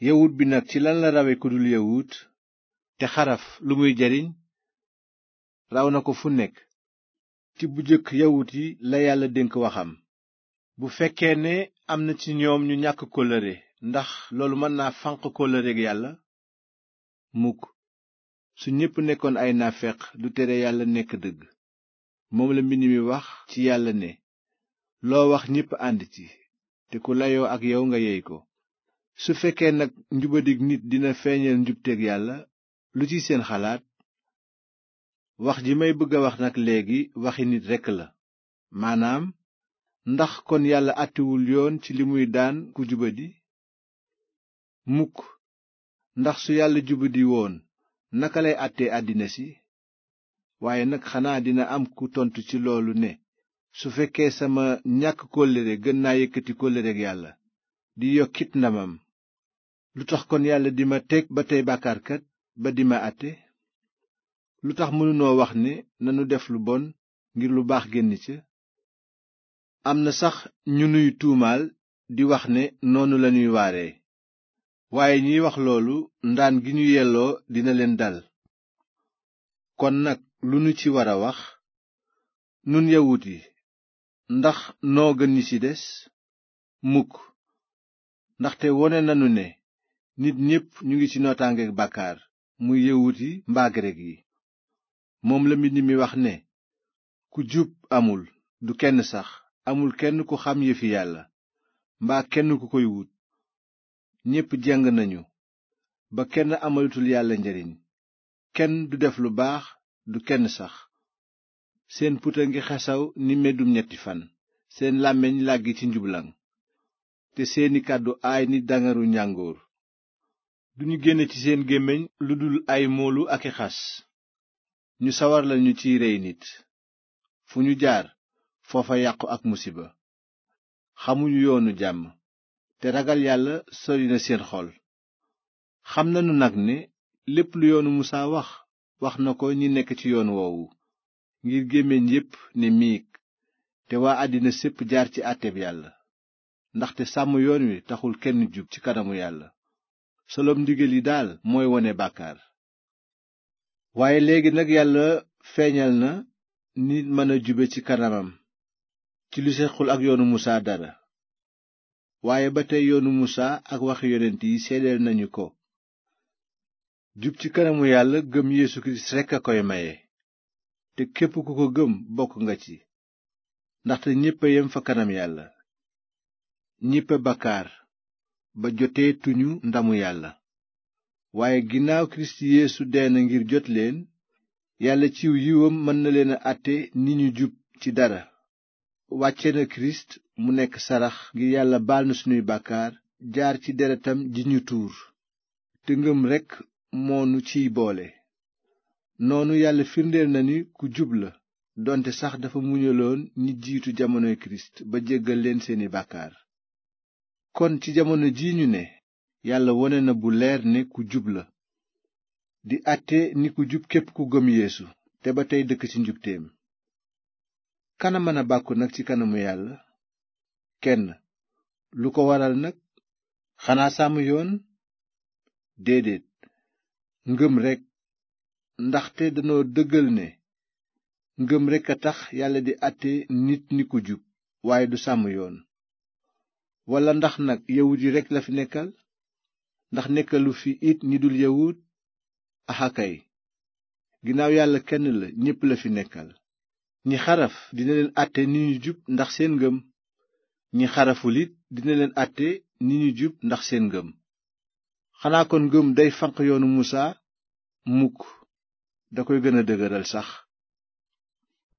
yawut bi nag ci lan la rawe ku dul yawut te xaraf lu muy jariñ raw na ko fu nekk ci bu jëkk yawut yi la yàlla dénk waxam bu fekkee ne am na ci ñoom ñu ñàkk kóllëre ndax loolu mën naa fànq kóllëreeg yàlla mukk su ñépp nekkoon ay naafeq du tere yàlla nekk dëgg moom la mbind mi wax ci yàlla ne loo wax ñépp ànd ci te ku layoo ak yow nga yey ko su fekkee nag njubadig nit dina feeñal njubteeg yàlla lu ci seen xalaat wax ji may bëgg a wax nag léegi waxi nit rekk la maanaam ndax kon yàlla àttewul yoon ci li muy daan ku jubadi mukk ndax su yàlla jubadi woon naka lay àttee àddina si waaye nag xanaa dina am ku tontu ci loolu ne su fekkee sama ñàkk kóllëre gën naa yëkkati kóllëreg yàlla di yokkit ndamam lu tax kon yàlla di ma teg ba tey bàkkaarkat ba di ma àtte lu tax mënunoo wax ne nanu def lu bon ngir lu baax génn ca am na sax ñu nuy tuumaal di wax ne noonu lañuy waaree waaye ñuy wax loolu ndaan gi ñu yelloo dina leen dal kon nag lu nu ci war a wax nun yawut yi ndax noo gën ñi ci des mukk ndaxte wone nanu ne nit ñépp ñu ngi ci nootaangeeg bàkkaar muy yëwut yi mbaa grek yi moom la mbind mi wax ne ku jub amul du kenn sax amul kenn ku xam yëfi yàlla mbaa kenn ku koy wut ñépp jeng nañu ba kenn amalatul yàlla njariñ kenn du def lu baax du kenn sax seen puta ngi xesaw ni meddum ñetti fan seen làmmiñ làggi ci njublaŋ te seeni kàddu aay ni dangaru njàngoor duñu génne ci seen gémmiñ lu dul ay moolu ak i xas ñu sawar lañu ciy rey nit fu ñu jaar foofa yàqu ak musiba xamuñu yoonu jàmm te ragal yàlla sori na seen xol xam nanu nag ne lépp lu yoonu musa wax wax na ko ñi nekk ci yoon woowu ngir gémmiñ yépp ne miig te waa àddina sépp jaar ci àtteb yàlla ndaxte sàmm yoon wi taxul kenn jub ci kanamu yàlla soloom ndigal yi daal mooy wone bàkkaar waaye léegi nag yàlla feeñal na nit mën a jube ci kanamam ci lu sequl ak yoonu musa dara waaye ba te yoonu musaa ak wax yonent yi seedeel nañu ko jub ci kanamu yàlla gëm Yeesu Kirist rekk a koy maye te képp ku ko gëm bokk nga ci ndaxte ñépp yem fa kanam yàlla ñépp a ba jotee ndamu yàlla waaye ginnaaw kirist yéesu dee ngir jot leen yàlla ciw yiwam mën na leen a àtte ni ñu jub ci dara wàcce na kirist mu nekk sarax ngir yàlla baal na sunuy bàkkaar jaar ci deretam ji ñu tuur te ngëm rekk moonu ciy boole noonu yàlla firndeel na ni ku jub la donte sax dafa muñaloon ñi jiitu jamonoy kirist ba jéggal leen seeni bàkkaar kon ci jamono ji ñu ne yàlla wone na bu leer ne di àtte jub képp ku gëm yeesu te ba tey dëkk ci njubteem kana bàkku nag ci kanamu yàlla kenn lu ko waral nag xanaa sàmm yoon déedéet ngëm rekk ndaxte danoo dëggal ne ngëm rekk a tax yàlla di àtte nit ni jub waaye du sàmm yoon wala ndax nag yawut yi rekk la fi nekkal ndax nekkalu fi it ñi dul yawut axakay ginnaaw yàlla kenn la ñépp la fi nekkal ñi xaraf dina leen àtte ni ñu jub ndax seen ngëm ñi xaraful it dina leen àtte ni ñu jub ndax seen ngëm xanaa kon ngëm day fanq yoonu musaa mukk da koy gën a dëgëral sax